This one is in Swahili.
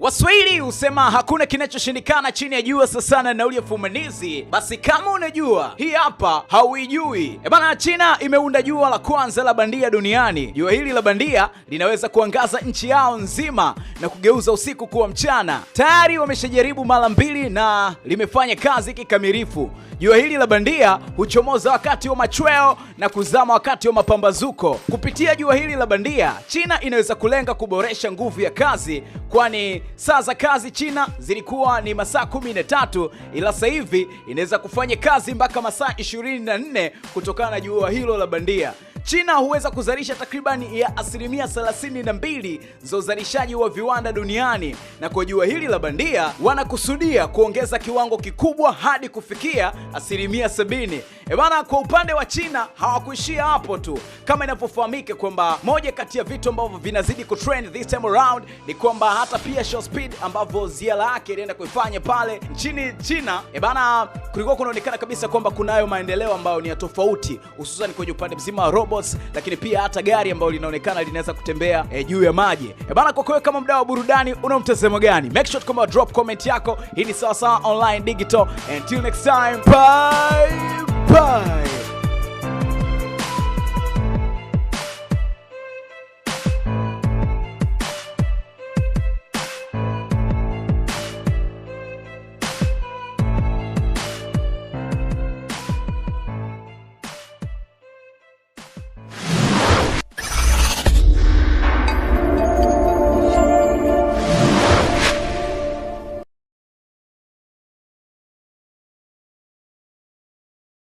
Waswahili husema hakuna kinachoshindikana chini ya jua, sasana nauli ya fumanizi. Basi kama unajua hii hapa hauijui, e bana, China imeunda jua la kwanza la bandia duniani. Jua hili la bandia linaweza kuangaza nchi yao nzima na kugeuza usiku kuwa mchana. Tayari wameshajaribu mara mbili na limefanya kazi kikamilifu. Jua hili la bandia huchomoza wakati wa machweo na kuzama wakati wa mapambazuko. Kupitia jua hili la bandia, China inaweza kulenga kuboresha nguvu ya kazi, kwani saa za kazi China zilikuwa ni masaa tatu, ila sasa hivi inaweza kufanya kazi mpaka masaa nne kutokana na jua hilo la bandia. China huweza kuzalisha takribani ya asilimia 32 za uzalishaji wa viwanda duniani, na kwa jua hili la bandia wanakusudia kuongeza kiwango kikubwa hadi kufikia asilimia 70. Ebana, kwa upande wa China hawakuishia hapo tu, kama inavyofahamika kwamba moja kati ya vitu ambavyo vinazidi kutrend this time around ni kwamba hata pia Show Speed ambavyo ziara yake ilienda kuifanya pale nchini China, ebana, kulikuwa kunaonekana kabisa kwamba kunayo maendeleo ambayo ni ya tofauti, hususan kwenye upande mzima wa robo sports, lakini pia hata gari ambalo linaonekana linaweza kutembea e, juu ya maji e bana. Kwa kweli kama mdau wa burudani una mtazamo gani? Make sure kwamba drop comment yako. Hii ni sawasawa online digital. Until next time, bye bye.